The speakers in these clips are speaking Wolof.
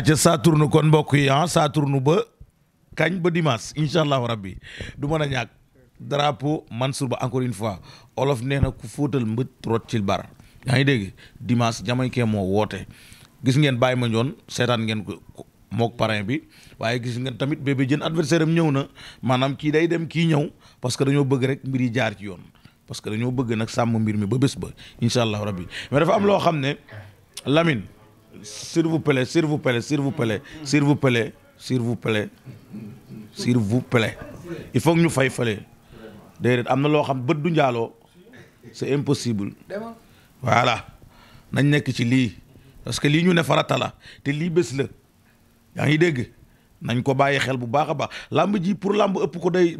acca Saturne kon mbokk yi ah Saturne ba kañ ba dimanche incha allahu rabbi du mën a ñàkk drapeau Mansour Ba encore une fois olof nee na ku fóotal mbët rot ci bar yaa ngi dégg dimanche jamay kee moo woote gis ngeen bàyyi ma ñoon seetaan ngeen ko mook parrain bi waaye gis ngeen tamit bébé jën adversaire am ñëw na maanaam kii day dem kii ñëw parce que dañoo bëgg rek mbir yi jaar ci yoon parce que dañoo bëgg nag sàmm mbir mi ba bés ba incha allahu rabbi mais dafa am loo s'il vous plaît, s'il vous plaît, s'il vous plaît, s'il vous plaît, s'il vous plaît, s'il vous plaît. il faut que nous fassions fale c'est impossible voilà nañ ci parce que ñu ne farata la ngi nañ pour ëpp ko day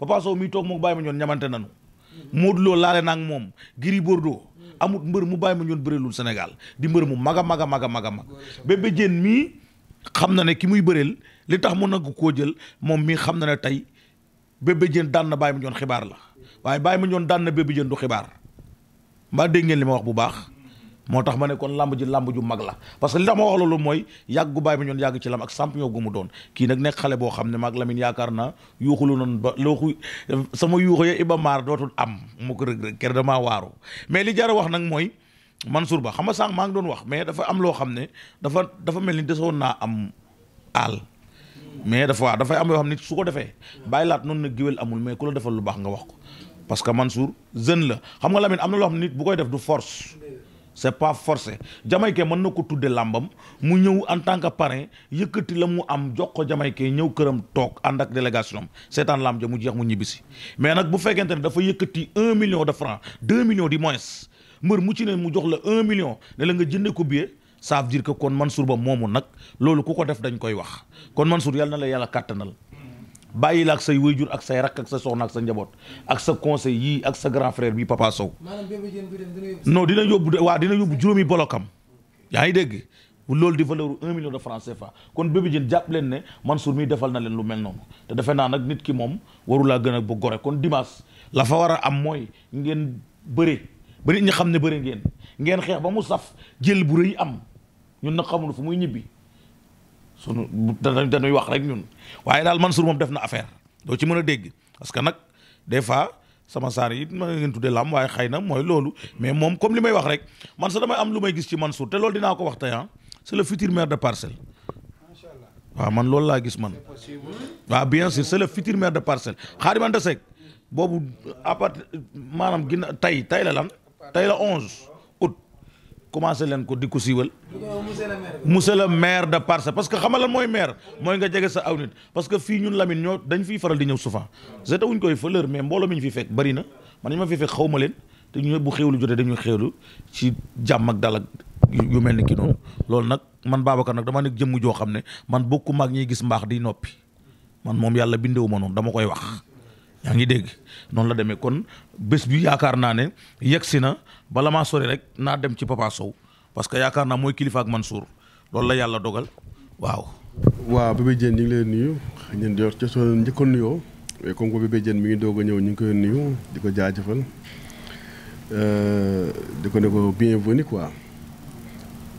Papa so Modou Lo laale naa ak moom Gris Bordeaux amut mbër mu bàyyi ma ñoon bërelul Sénégal di mbër mu mag a mag a mag a mag a mag mii xam na ne ki muy bëreel li tax mu nangu koo jël moom mii xam na ne tey Bébé jën daan na bàyyi ma ñoon xibaar la waaye bàyyi ma ñoon daan na Bébé Diène du xibaar mbaa dégg li ma wax bu baax moo tax ma ne kon lamb ji lamb ju mag la parce que li tax ma wax loolu mooy yàgg gu baay bi ñoon yàgg ci lam ak champion gu mu doon kii nag nekk xale boo xam ne maag Lamine yaakaar naa yuuxulu noonu ba looxu sama yuuxu ya Iba Maar dootul am mu ko rëg-rëg kër damaa waaru mais li jar a wax nag nga sànq wax mais dafa am loo xam ne dafa dafa mel ni desoon naa am aal mais dafa waaw dafay am yoo xam ne su ko defee bàyyi laat noonu na géwél amul mais ku la defal lu baax nga wax ko parce que Mansour jeune la xam nga Lamine am na loo c'est pas forcé Jamaïcain mën na ko tuddee làmbam mu ñëw en tant que parrain yëkkati la mu am jox ko Jamaïcain ñëw këram toog ànd ak délégation am seetaan làmb ja mu jeex mu ñibbisi mais nag bu fekkente ne dafa yëkkati un million de francs deux millions di moins mbër mu ci ne mu jox la un million ne la nga jënde ko billet ça veut dire que kon Mansour ba moomu nag loolu ku ko def dañ koy wax kon Mansour yàlla na la yàlla kàttanal bàyyi la ak say jur ak say rakk ak sa soxna ak sa njaboot ak sa conseil yii ak sa grand frère bi papa Sow. non dina yóbbu de waa dina yóbbu juróomi bolokam. yaa ngi dégg loolu di valeur un million de francs CFA kon bébé jën jàpp leen ne Mansour mi defal na leen lu mel noonu te defe naa nag nit ki moom warulaa gën a bu gore kon dimaas la fa war a am mooy ngeen bëre ba nit ñi xam ne bëre ngeen ngeen xeex ba mu saf jël bu rëy am ñun nag xamul fu muy ñibbi. su sunu dañuy wax rek ñun waaye daal man Mansour moom def na affaire doo ci mën a dégg parce que nag des fois sama saar yi ma ngeen tuddee lam waaye xay na mooy loolu mais moom comme li may wax rek man sa damay am lu may gis ci Mansour te lool dinaa ko wax tey ah c'est le futur maire de Parcelles. waaw man loolu laa gis man waa bien sûr c'est le futur maire de Parcelles Khadim Anta Seck boobu à maanaam ginna tey tey la lan tey la onze commencé leen ko di ko siiwal. monsieur le maire de Parcelles parce que xamal lan mooy maire mooy nga jege sa aw nit parce que fii ñun Lamine ñoo dañ fiy faral di ñëw souvent jete wuñ koy fleur mais mbooloo mi ñu fi fekk bari na man ñu ma fi fekk xaw ma leen te ñu bu xéwlu jotee dañuy xéwlu ci jàmm ak dal ak yu mel ni ki noonu loolu nag man Babacar nag dama nekk jëmm joo xam ne man bokkuma ak ñuy gis mbaax di noppi man moom yàlla bindewu ma noonu dama koy wax. yaa ngi dégg noonu la demee kon bés bi yaakaar naa ne yegg si na bala maa sori rek naa dem ci Papa Sow parce que yaakaar naa mooy kilifa ak Mansour loolu la yàlla dogal waaw. waaw Bébé Diène ñu ngi leen di yor ca soo njëkkoon nuyoo comme que Bébé mi ngi doog a ñëw ñu ngi koy nuyu di ko jaajëfal euh, di ko ne ko bienvenue quoi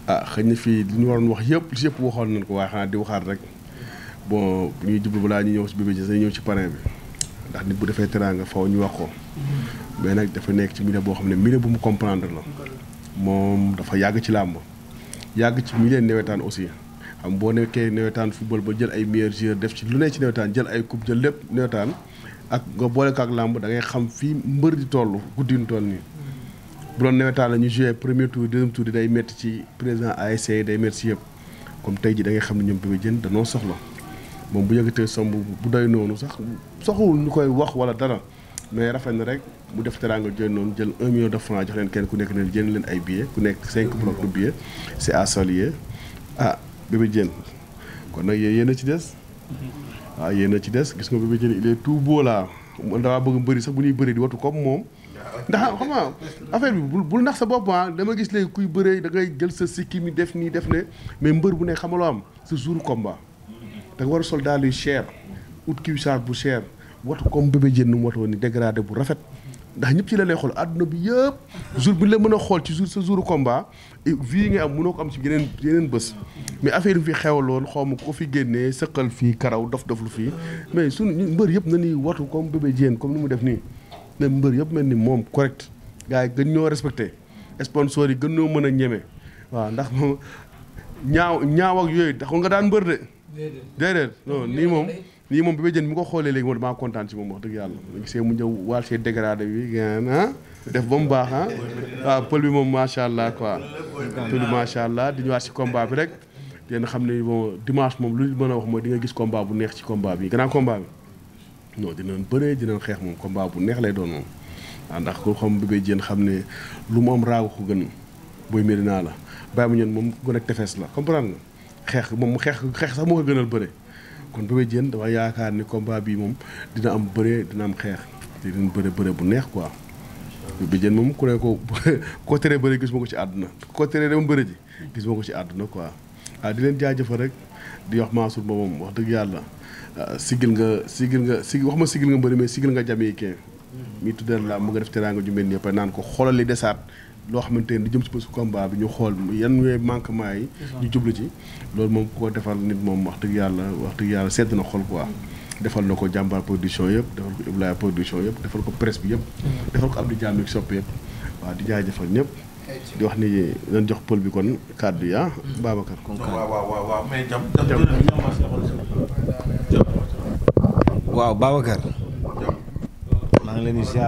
ah xëy na fii li waroon wax yëpp li yëpp waxoon nañ ko waaye xanaa di waxaat rek bon bu ñuy jublu balaa ñu ñëw si Bébé Diène ñëw ci parrain bi. ndax nit bu defee teraanga faw ñu wax ko mais nag dafa nekk ci milieu boo xam ne milieu bu mu comprendre la moom dafa yàgg ci làmb yàgg ci milieu newetaan aussi xam boo nekkee newetaan football ba jël ay meilleurs joueurs def ci lu ne ci newetaan jël ay coupe jël lépp newetaan ak nga boole ak làmb da ngay xam fii mbër di toll guddi ñu toll nii bu doon newetaan la ñu joué premier tour deuxième tour day métti ci président ASC day métti si yëpp comme tey ji da xam ne ñoom Bébé Diène danoo soxla moom bu yëgatee somb bu doy noonu sax soxul ñu koy wax wala dara mais rafet na rek mu def teraanga jël noonu jël un million de francs jox leen kenn ku nekk leen jën leen ay billets ku nekk cinq blocs de billets c'est à saluer ah Bébé Diène kon nag yéen a ci des waaw mm-hmm. ah, yéen a ci des gis nga Bébé Diène il est tout beau là damaa bëgg bëri sax bu ñuy bëri di watu comme moom ndax xam nga affaire bi bul nax sa bopp ah. dama gis léegi kuy bëree da ngay jël sa sikki mi def nii def ne mais mbër bu ne xamaloo am sa jour combat da nga war a sol daal yu cher ut cuissard bu cher watu comme bébé jën nu mu watoo ni dégradé bu rafet ndax ñëpp ci la lay xool àdduna bi yëpp jour bi la mën a xool ci jour sa jour combat eh, vie nga am mënoo ko am ci yeneen yeneen bés mais affaire bi fi xewaloon xaw ma ko fi génnee sëqal fii karaw dof dof lu fii mais suñu mbër yëpp nañuy watu comme bébé jën comme lu mu def nii mais mbër yëpp mel ni moom correct gars yi gën ñoo respecté sponsor yi gën ñoo mën a ñeme waaw ndax moom ñaaw ñaaw ak yooyu taxul nga daan mbër de déedéet non nii moom nii moom bébé jën mi ko xoolee léegi moom damaa kontaan si moom wax dëgg yàlla gisee mu ñëw waal see dégradé bi def ba mu baax ah waaw ah, pël bi moom macha allah quoi pël bi macha allah di ñëwaat si combat bi rek leen xam ne bon dimanche moom lu mën a wax mooy di nga gis combat bu neex ci combat bi grand combat bi di dinañ bëree dinañ xeex moom combat bu neex lay doon moom waaw ah, ndax ko xam bébé jën xam ne lu mu am raagu ko gën booy naa la bàyyi mu ñeen moom gën ak tefes la comprendre nga xeex moom mu xeex xeex sax moo ko gënal bëre kon Bébé Diène dama yaakaar ni combat bi moom dina am bëre dina am xeex te dina bëre bëre bu neex quoi. Bébé Diène moom ku ne ko koo teree bëre gis ma ko ci àdduna koo teree dem bëre ji gis ko ci àdduna quoi ah di leen jaajëfal rek di wax Mansour ba moom wax dëgg yàlla ah, sigil nga sigil nga sigil wax ma sigil nga mbëri mais sigil nga Jamaïcain mi tuddee la mu nga def teraanga ju mel nii après naan ko xoolal li desaat loo xamante ni jëm si bés bi ñu xool yan ñooy manquement yi. ñu jublu ci. loolu moom koo defal nit moom wax dëgg yàlla wax dëgg yàlla sedd na xol quoi. defal na ko jàmbaar production yëpp defal ko Ibrahima production yëpp defal ko presse bi yëpp. Mm. defal ko Abdou Diame sopp yëpp. waa di jaajëfal ñëpp. di wax ni dañ jox pël bi kon kàddu yi ah. Mm. Babacar kon kàddu waaw waaw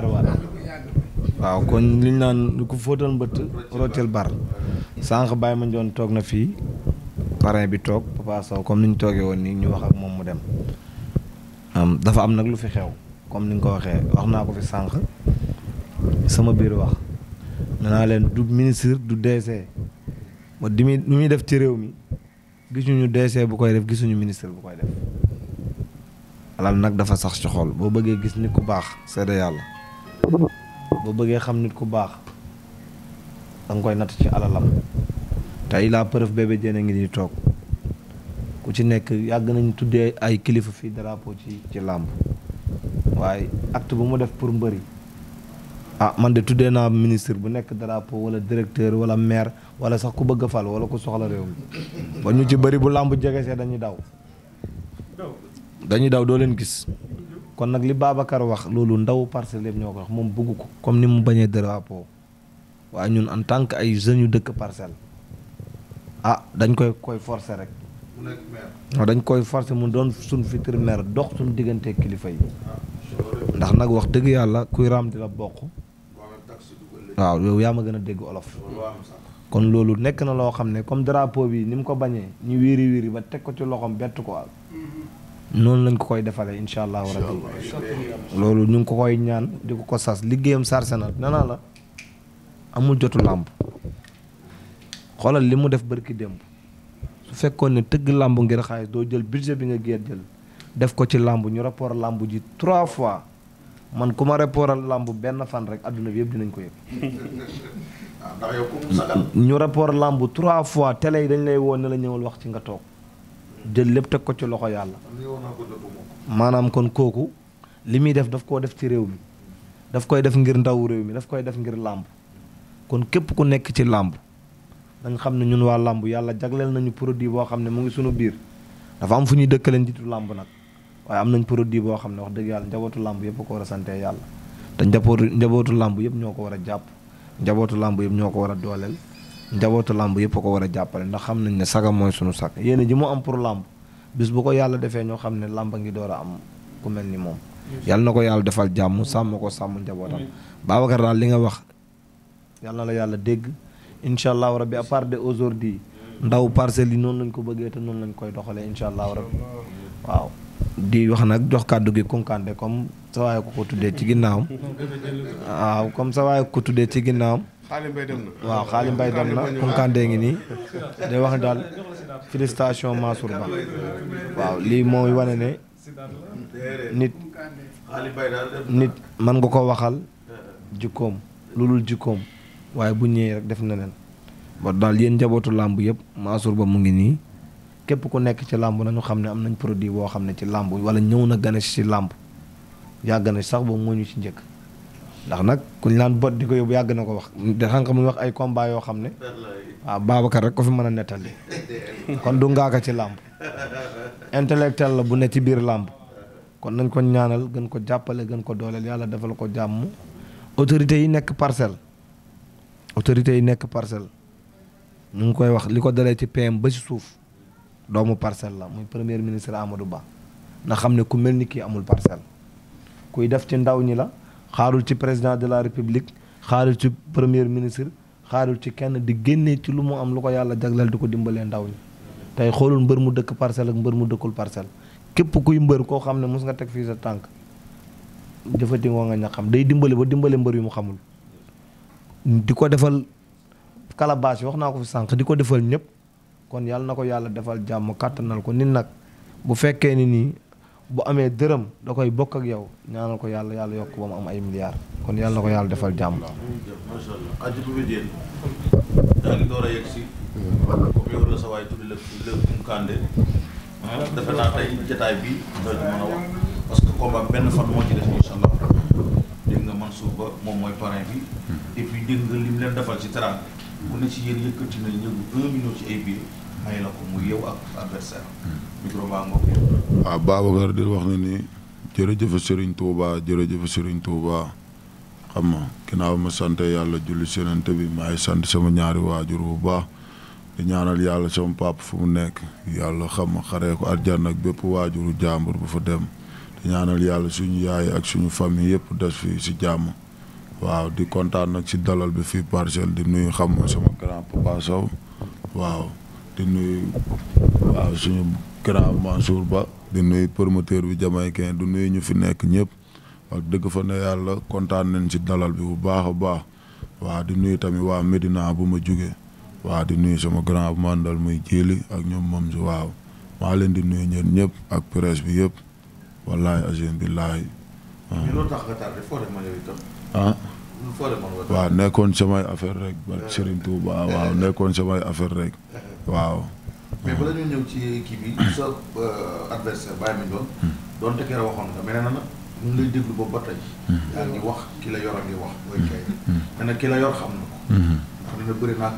waaw waaw kon li ñu naan ku fóotal mbëtt rotel bar sànq bàyyi ma doon toog na fii parrain bi toog Papa comme ni ñu toogee woon nii ñu wax ak moom mu dem dafa am nag lu fi xew comme ni nga ko waxee wax naa ko fi sànq sama biir wax nee naa leen du ministre du DC ba di muy muy def ci réew mi gisuñu DC bu koy def gisuñu ministre bu koy def alal nag dafa sax ci xol boo bëggee gis nit ku baax seede yàlla boo bëggee xam nit ku baax da koy natt ci alalam tey la preuve Bébé Diène a ngi di toog ku ci nekk yàgg nañu tuddee ay kilifa fii drapeau ci ci làmb waaye act bu mu def pour mbëri ah man de tuddee naa ministre bu nekk daraapo wala directeur wala maire wala sax ku bëgg a fal wala ku soxla réew mi ba ñu ci bëri bu làmb jegesee dañuy daw dañuy daw doo leen gis kon nag li Babacar wax loolu ndaw parcelles yëpp ñoo ko wax moom bëgg ko comme ni mu bañee drapeau waaye ñun en tant que ay jeunes yu dëkk parcelle ah dañ koy koy forcer rek. mu dañ koy forcer mu doon suñ futur maire dox suñ diggante kilifa yi. ndax nag wax dëgg yàlla kuy raam di la bokk. waaw yow yaa ma gën a dégg olof. kon loolu nekk na loo xam ne comme drapeau bi ni mu ko bañee ñu wiiri wiiri ba teg ko ci loxoom bett ko non lañ ko koy defalé inshallah rabbi loolu ñu ko koy ñaan di ko sas liggéeyam sarse nanala amu la amul jotu lamb xolal limu def barki demb su fekkone teug lamb ngir xaalis do jël budget bi nga jël def ko ci nyora ñu rapport lamb ji 3 fois man kuma ma rapportal làmb fan rek aduna bi yeb dinañ ko yëg ah, ñu rapport lamb 3 fois télé dañ lay woon na la ñëwul wax ci nga tok jël lépp teg ko ci loxo yàlla maanaam kon kooku li muy def daf koo def ci réew mi daf koy def ngir ndaw réew mi daf koy def ngir làmb kon képp ku nekk ci làmb dañ xam ne ñun waa làmb yàlla jagleel nañu produit boo xam ne mu ngi sunu biir dafa am fu ñuy dëkkaleen jiitu làmb nag waaye am nañ produit boo xam ne wax dëgg yàlla njabootu làmb yëpp ko war a sante yàlla te njabootu njabootu làmb yëpp ñoo ko war a jàpp njabootu làmb yëpp ñoo ko war a dooleel njabootu làmb yëpp ko war a jàppale ndax xam nañ ne sagam mooy sunu sag yéen ji mu am pour làmb bis bu ko yàlla defee ñoo xam ne làmb ngi door a am ku mel ni moom. yal na ko yàlla defal jàmm sàmm ko sàmm njabootam. Babacar daal li nga wax yàlla la yàlla dégg incha allahu rabbi à part de aujourd'hui ndaw parcelles yi noonu lañ ko bëggee te noonu lañ koy doxalee incha allahu rabbi waaw. di wax nag jox kàddu gi kunkande comme sa waay ko ko tuddee ci ginnaawam. ci ginnaawam. xaali mbay dem na waaw xaali mbay dem ngi nii day wax ne daal félicitation Mansour Ba waaw lii mooy wane ne nit nit man nga ko waxal jikkoom lu loolul jikkoom waaye bu ñëwee rek def na leen ba daal yéen njabootu làmb yëpp Mansour Ba mu ngi nii képp ku nekk ci làmb nañu xam ne am nañ produit boo xam ne ci làmb wala ñëw na gane si làmb yàgg na sax ba moo ñu ci njëkk ndax nag ku kuñ laan bot di ko yóbbu yàgg na ko wax de xam muy wax ay combat yoo xam ne waaw Babacar rek ko fi mën a nettali kon du ngaaka ci làmb intellectuel la bu nekk ci biir làmb kon nañ ko ñaanal gën ko jàppale gën ko dooleel yàlla defal ko jàmm autorités yi nekk parcelle autorités yi nekk parcelle ñu ngi koy wax li ko dalee ci PM ba ci suuf doomu parcelle la muy premier ministre Amadou baax na xam ne ku mel ni kii amul parcelle kuy def ci ndaw ñi la xaarul ci président de la république xaarul ci premier ministre xaarul ci kenn di génné ci lu mu am lu ko yalla jagleel diko dimbalé ndaw ñi tay xolul mbeur mu dëkk parcelle ak mbeur mu dëkkul parcelle képp kuy mbeur ko xamné mus nga tek fi sa tank defati ngoo nga ñaxam day dimbalé ba dimbalé mbeur yu mu xamul di defal kala yi wax naa ko fi sank di defal ñep kon yalla na ko defal jamm kàttanal ko nit nak bu fekke ni bu amee dërëm da koy bokk ak yow ñaanal ko yàlla yàlla yokk ba mu am ay milliards kon yàlla ko yàlla defal jàmm. macha allah aji si. comme yow la sa waay tudd la tudd la Kandé. defe naa a Ba moom mooy parrain bi. et puis dégg ci terrain. ne ci ay biir. may la ko muy yow ak adversaire hmm. micro baa ngoog waaw ah, Babacar di wax na ni jërëjëf Serigne Touba jërëjëf Serigne Touba xam nga ginnaaw ma sant yàlla julli senante bi maay sant sama ñaari waajur bu baax di ñaanal yàlla sama papa fu mu nekk yàlla xam nga xaree ko àjjana ak bépp waajuru jàmbur ba fa dem di ñaanal yàlla suñu yaay ak suñu famille yëpp des fii si jàmm waaw di kontaan nag si dalal bi fii parcelle di nuyu xam nga sama grand papa Sow waaw di nuyu waaw suñu grand Mansour Ba di nuyu promoteur bi jamaïcain du nuy ñu fi nekk ñëpp ak dëgg fa ne yàlla kontaan nañ ci dalal bi bu baax a baax waa di nuy tamit waa Medina bu ma jugee waa di nuy sama grand mandal muy jéeli ak ñoom moom si waaw maa leen di nuy ñeen ñëpp ak presse bi yëpp wallahi azim billahi ah. ah? waaw nekkoon samay affaire rek ba Serigne Touba nekkoon samay affaire rek waaw. mais bala ñu ñëw ci kii bi sa euh, adversaire bàyyi ma hmm. doon. doon te keroog waxoon nga mais nee na ñu ngi lay déglu boobu ba tey. Hmm. yaa ngi wax ki la yor a ngi wax. mooy hmm. kay ki la yor xam na ko. ndax na bëri naa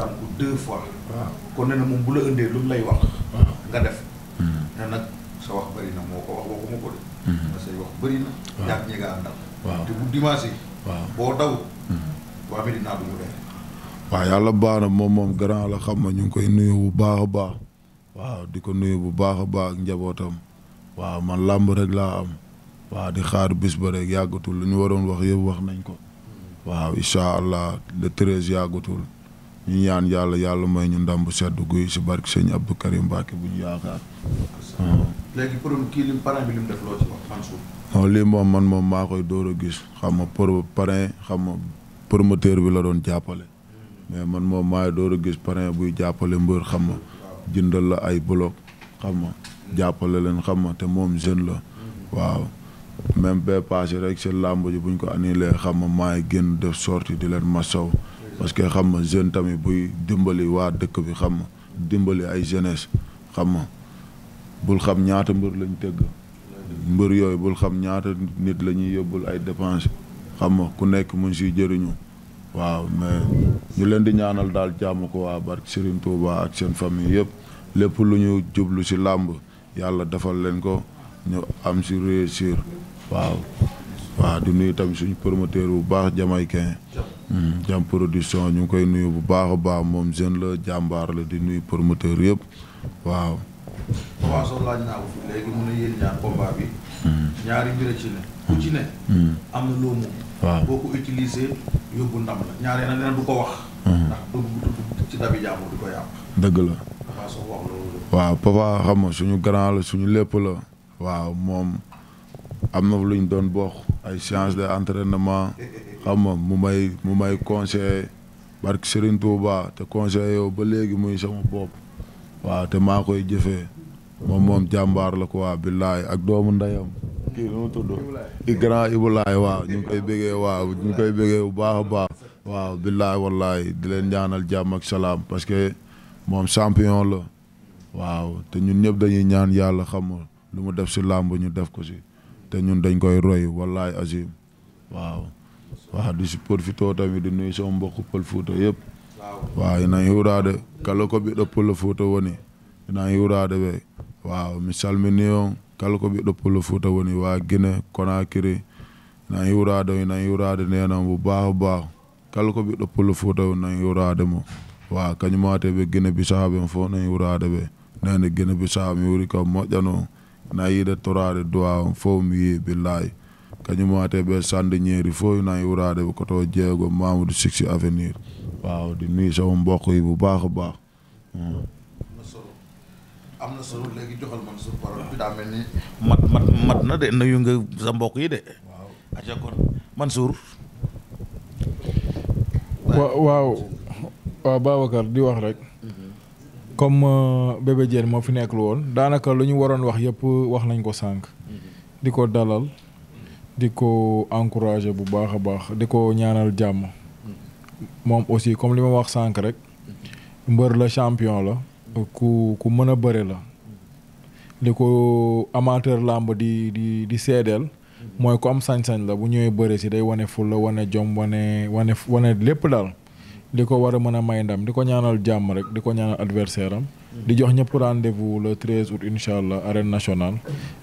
ah. kon nee na moom bu lay wax. Ah. nga def. nee nag sa wax bëri na moo ko wax waxuma ko de. parce que wax bëri na. waaw ñi nga waaw te bu dimanche. waaw boo daw. waa Medina du ñu reer. waaw yàlla baax na moom moom grand la xam ma ñu ngi koy nuyu bu baax a baax waaw di ko nuyu bu baax a baax ak njabootam waaw man làmb rek laa am waaw di xaar bis ba rek yàggatul lu ñu waroon wax yëpp wax nañ ko waaw incha allah yàggatul ñu ñaan yàlla yàlla may ñu ndam bu sedd guy si barke sëñ Abdou Karim Mbacke bu ñu yaakaar. Hmm. léegi problème lii moom man moom maa koy door a gis xam nga pro parrain xam nga promoteur bi la doon jàppale. mais man moom maay door a gis parrain buy jàppale mbër xam ma jëndal la ay bloc xam ma jàppale leen xam ma te moom jeune la waaw même ba passé rek seen làmb buñ ko annulé xam ma maay génn def sorti di leen masaw parce que xam ma jeune tamit buy dimbali waa dëkk bi xam ma dimbali ay jeunesse xam ma bul xam ñaata mbër lañ tëgg mbër yooyu bul xam ñaata nit la ñuy yóbbul ay dépense xam ma ku nekk mun siy jëriñu waaw mais ñu leen di ñaanal daal jàmm ko waa barke Serigne Touba ak seen famille yëpp lépp lu ñu jublu ci làmb yàlla defal leen ko ñu am ci réussir waaw waaw di nuyu tamit suñu promoteur bu baax jamaïcain hmm, jam production ñu ngi koy nuyu bu baax a baax moom jeune la jàmbaar la di nuyu promoteur yëpp waaw ku ci mm. la ñaaree nag mm-hmm. dëgg la. waaw papa xam nga suñu grand la suñu lépp la. waaw moom am na lu ñu doon box ay séance de entraînement xam nga mu may mu may conseiller barke Serigne Touba te conseiller yow ba léegi muy sama bopp. waaw te maa koy jëfe moom moom jàmbaar la ko waa billaay ak doomu ndeyam. kii nu mu tudd grand Ibulaay waaw koy bëggee waaw ñu ngi koy bëggee bu baax a baax waaw billaay wallaay di leen ñaanal jàmm ak salaam parce que moom champion la waaw te ñun ñëpp dañuy ñaan yàlla xam lu mu def si làmb ñu def ko si te ñun dañ koy roy wallaay azim waaw waaw di si profité tamit di nuyu sama mbokku pël Fuuta yëpp waaw ina hiwrade kala ko ɓiɗɗo pullo Fuuta woni ina hiwrade ɓe waaw mi salmini on kala ko ɓiɗɗo pullo fouta woni wa guine conakiri nan hiwrade o nan hiwrade nenon mo baaho baaho kala ko ɓiɗɗo pullo fouta woni nan hiwrade mo wa kañumate ɓe guine bisaɓe en fof nan hiwrade ɓe nande guine mi wuri kam moƴƴano na yiide torade duwa on fof mi yi billayi kañumate ɓe sande ñeeri fof nan hiwrade ɓe koto jeego mamoudou sixi avenir waaw di nuyu sama mbokk yi bu baax a baax hmm. am na solo léegi joxal man suñu parole bi daa mel mat mat mat na de nuyu nga sa mbokk yi de. waaw aca kon Mansour. waaw waaw waaw di wax rek. Mhm. comme euh, bébé Diène moo fi nekk lu woon daanaka lu ñu waroon wax yëpp wax nañ ko sànq. Mhm. di dalal. diko ko encourager bu baax a baax di ko ñaanal jàmm. Mhm. moom aussi comme li wax sànq rek. mbër la champion la. ku ku mën a bëre la li ko amateur làmb di di di seedeel mooy ku am sañ-sañ la bu ñëwee bëre si day wane ful la wane jom wane wane wane lépp daal li ko war a mën a may ndam di ko ñaanal jàmm rek di ko ñaanal adversaire am di jox ñëpp rendez-vous le 13 août allah arène national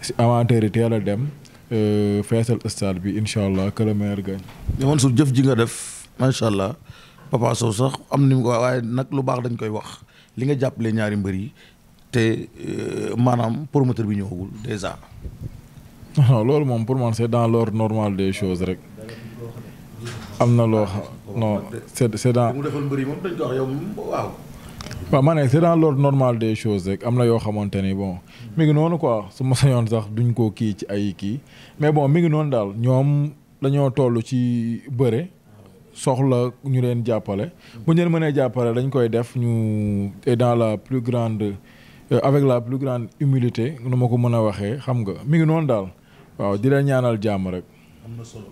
si amateur yi teel a dem euh, feesal stade bi incha allah que le meilleur gagne. jëf ji nga def macha allah Papa Sow sax am ni mu ko waaye nag lu baax dañ koy wax. li nga jàppale ñaari mbër yi te euh, maanaam promoteur bi ñëwagul déjà. non loolu moom pour man c'est dans l'ordre normal des chose rek. am na loo xam non c'est c'est dans. mu defal mbër normal des choses rek am na yoo xamante ni bon mi ngi noonu quoi su ma sañoon sax duñ koo kii ci ay kii mais bon mi ngi noonu daal ñoom dañoo toll ci bëre. soxla ñu leen jàppale. bu ñu leen mënee jàppale dañ koy def ñu et dans la plus grande euh, avec la plus grande humilité nu ma ko mën a waxee xam nga mi ngi noonu daal waaw di leen ñaanal jàmm rek. am na solo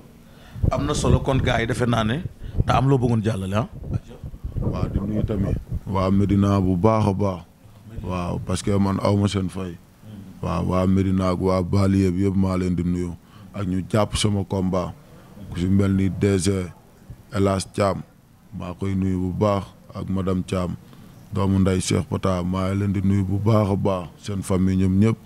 na solo kon gars yi defe naa ne te am loo bëggoon jàllale ah. waaw di nuyu tamit. waa Medina bu baax a baax. waaw parce que man aw ma seen fay. waaw waa Medina ak waa Bali yëpp maa leen di nuyu. ak ñu jàpp sama combat. ku si mel ni DG. Elas Thiam maa koy nuyu bu baax ak madame caam doomu nday Cheikh Pata maa leen di nuyu bu baax a baax seen famille ñoom ñëpp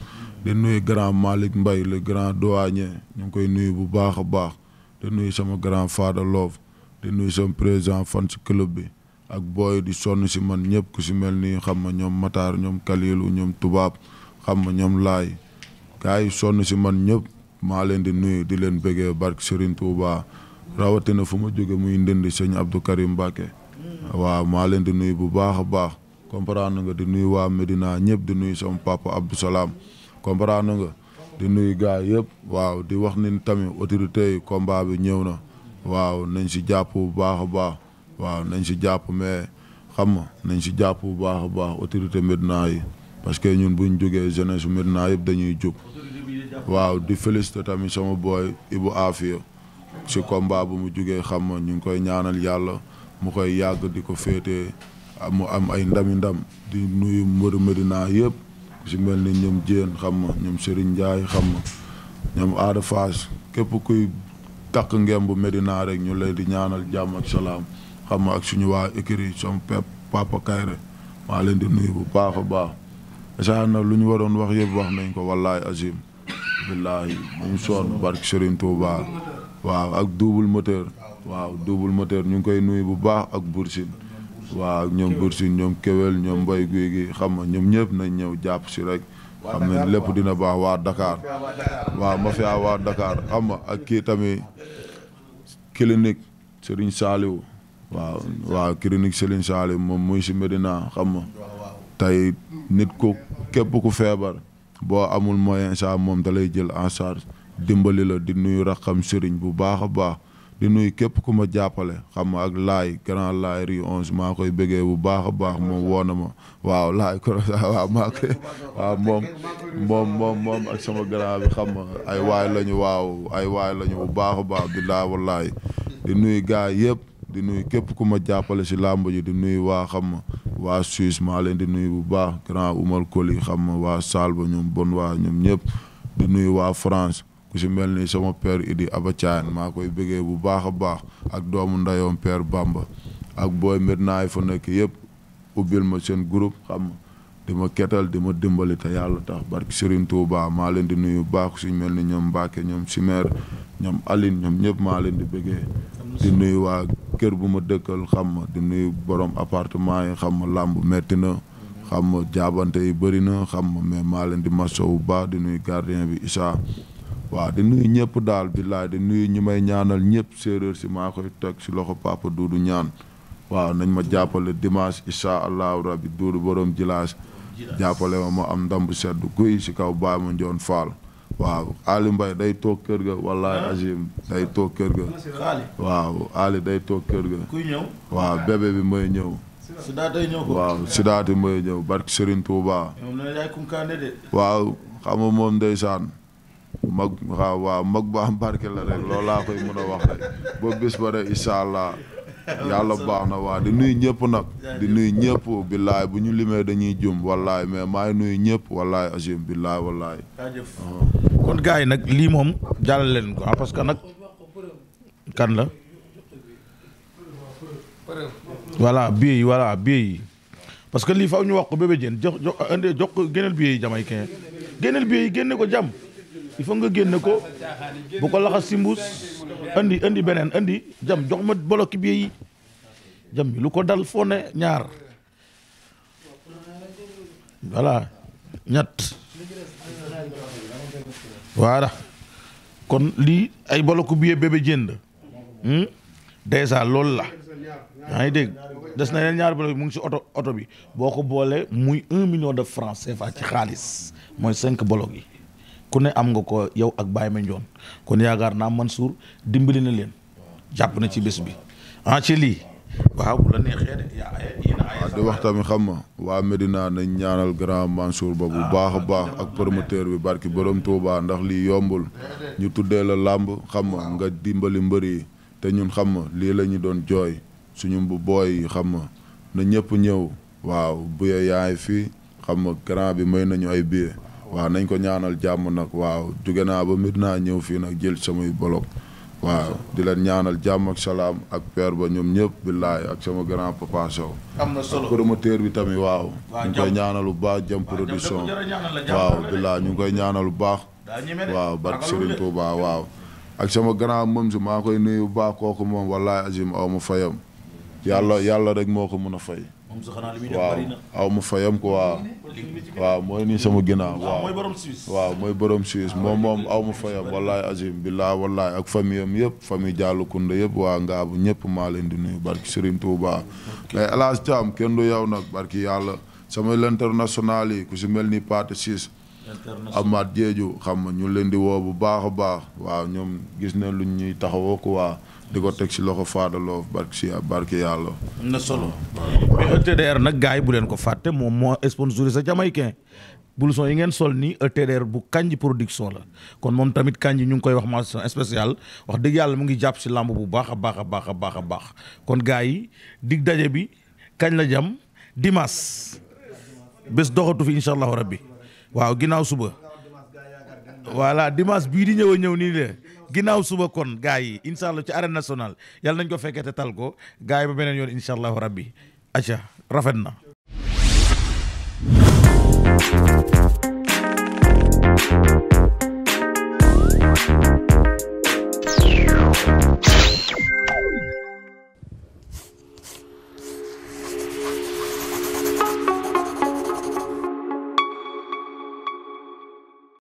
di nuyu grand Malick mbay le grand doyen ñu ngi koy nuyu bu baax a baax di nuyu sama grand Fada Love di nuyu sama président fan si club bi ak booy di sonn si man ñëpp ku si mel nii xam ma ñoom Matar ñoom Kalilu ñoom tubaab xam ma ñoom laay gars yi sonn si man ñëpp maa leen di nuyu di leen bëggee barke Serigne Touba. rawatina fu ma jóge muy ndënd sëñ Abdou Karim Mbacke waaw maa leen di nuyu bu baax a baax comprendre nga di nuyu waa Medina ñëpp di nuyu sama papa Abdou Salaam comprendre nga di nuyu gars yëpp waaw di wax ni tamit autorité yi combat bi ñëw na waaw nañ si jàpp bu baax a baax waaw nañ si jàpp mais xam nga nañ si jàpp bu baax baax autorité Medina yi parce que ñun buñ jógee jeunesse Medina yëpp dañuy jub waaw di félicité tamit sama boy Ibou Afia ci combat bu mu jógee xam ma ñu ngi koy ñaanal yàlla mu koy yàgg di ko féetee mu am ay ndami ndam di nuyu mbëru Medina yëpp ci mel ni ñoom Dieng xam ma ñoom Serigne Ndiaye xam ma ñoom Ada képp kuy takk ngeem bu Medina rek ñu lay di ñaanal jàmm ak salaam xam ma ak suñu waa écurie som pep Papa Kayre maa leen di nuyu bu baax baax. sax na lu ñu waroon wax yëpp wax nañ ko wallaay Azim. billaahi bu sonn barke Serigne Touba waaw ak double moteur waaw double moteur ñu ngi koy nuyu bu baax ak Boursine waaw ñoom Boursine ñoom Kewel ñoom Mbaye Guèye gi xam nga ñoom ñëpp nañ ñëw jàpp si rek xam ne lépp dina baax waa Dakar waaw mafia waa Dakar xam nga ak kii tamit clinique Serigne Saliou waaw waaw clinique Serigne Saliou moom muy si Medina xam nga tey nit ku képp ku feebar. boo amul moyen saa moom da lay jël en charge dimbali la di nuyu raxam sëriñ bu baax a baax di nuyu képp ku ma jàppale xam ak laay grand laay ri onze maa koy bëggee bu baax a baax moom woo na ma waaw laay korosa waaw maa koy waaw moom moom moom moom ak sama grand bi xam ma ay waay lañu waaw ay waay lañu bu baax a baax bi laa wallaay di nuyu gaa yëpp di nuyu képp ku ma jàppale si làmb ji di nuyu waa xam ma waa Suisse maa leen di nuyu bu baax grand Oumar Koli xam ma waa Salba ñoom bon waa ñoom ñëpp di nuyu waa France ku si mel ni sama per Idi Abacaan maa koy bëggee bu baax a baax ak doomu ndayoom per Bamba ak booy mbir naay fa nekk yëpp ubbil ma seen groupe xam ma di ma ketal di ma dimbali te yàlla tax barki Serigne baax maa leen di nuyu baax suñ mel ni ñoom Mbacke ñoom Simer ñoom Aline ñoom ñëpp maa leen di bëggee. di nuyu waa kër bu ma dëkkal xam ma di nuyu borom apartement yi xam ma làmb metti na. xam ma jaabante yi bëri na xam ma mais maa leen di masawu baax di nuyu gardien bi Issa. waaw di nuyu ñëpp daal billaay di nuyu ñi may ñaanal ñëpp séeréer si maa koy teg si loxo papa Doudou ñaan waaw nañ ma jàppale dimanche incha allahu borom jilaas jàppale ma ma am ndam sedd guy si kaw Baye Mandione Fall waaw Ali Mbaye day toog kër ga wallaay ah. Azim day toog kër ga waaw Ali day toog kër ga kuy ñëw waaw bébé bi mooy ñëw waaw sidaati mooy ñëw barke Serigne Touba waaw xam nga moom ndeysaan mag waaw ba am barke la rek loolu koy mën a wax rek ba rek incha yàlla baax na waa di nuyu ñëpp nag di nuyu ñëpp billaay bu ñu limee dañuy jum wallaay mais maay nuyu ñëpp wallaay asim billaay wallaay ah. kon gars nag lii moom jàllale leen ah, parce que nag kan la voilà billet yi voilà parce que lii faw ñu wax ko bébé jox jox génneel billet yi jamaïcain génneel billet génne ko jam il faut nga génn ko bu ko laxas si andi andi benen andi jam jox ma bloc bi yi jam bi lu ko dal foo ñaar voilà ñatt voilà kon li ay bloc bi bébé jënd hmm? déjà loolu la ay ngi dégg des na len ñaar bloc mu ngi si auto oto bi boko bolé muy 1 million de francs CFA ci xaliss moy 5 bloc yi ku ne am nga ko yow ak Baye Mandione kon yaakaar naa Mansour dimbali na leen jàpp na ci bés bi ah ci lii waaw bu la di wax xam nga waa Medina nañ ñaanal grand Mansour ba bu baax a baax ak promoteur bi barki borom Touba ndax lii yombul ñu tuddee la làmb xam nga nga dimbali mbër yi te ñun xam nga lii la ñu doon jooy suñu bu booy xam nga na ñëpp ñëw waaw bu yaay fi xam nga grand bi may nañu ay billets. waaw nañ ko ñaanal jàmm nag waaw jóge naa ba mbir naa ñëw fii nag jël samay bolok waaw di leen ñaanal jàmm ak salaam ak père ba ñoom ñëpp billaay ak sama grand papa Sow. am na solo promoteur bi tami waaw. ñu ngi koy ñaanal bu baax jëm production waaw billaay ñu ngi koy ñaanal bu baax. waaw barke Serigne Touba waaw. ak sama grand moom si maa koy nuyu bu baax kooku moom wallaay azim aw ma fayam yàlla yàlla rek moo ko mën a fay. moom sax xanaa li waaw aw ma fayam quoi. waaw mooy nii sama ginnaaw. waaw mooy borom Suisse. mooy borom Suisse moom moom aw ma fayam wallaay azim billaa wallaay ak famille am yëpp famille Diallo Kounda yëpp waa Ngaabu ñëpp maa leen di nuyu barki Serigne Touba. mais El Hadj Thiam kenn du yow nag barki yàlla sama l'international yi ku si mel ni Pathé Ciss. Amath Diédhiou xam ma ñu leen di woo bu baax a baax waaw ñoom gis na lu ñuy taxawoo quoi. di ko teg si loxo lo barke ci barke yalla am na solo mais ETDR nak gars bu len ko fatte mom mo sponsoriser sa jamaïcain son yi ngeen sol ni, ETDR bu kanji production la kon mom tamit kanji ñu ngi koy wax mention spéciale wax deug yalla mu ngi japp si lamb bu baax a baax a baax kon gay yi dig daje bi kañ la jam Dimas. bes doxatu fi inshallah rabbi waaw ginaaw suba wala dimas bi di ñëw ñëw ginnaaw suba kon gars yi incha allah ci arène nationale yàlla nañ ko fekkee te tal ko gars yi ba beneen yoon incha allahu rabbi aca rafet na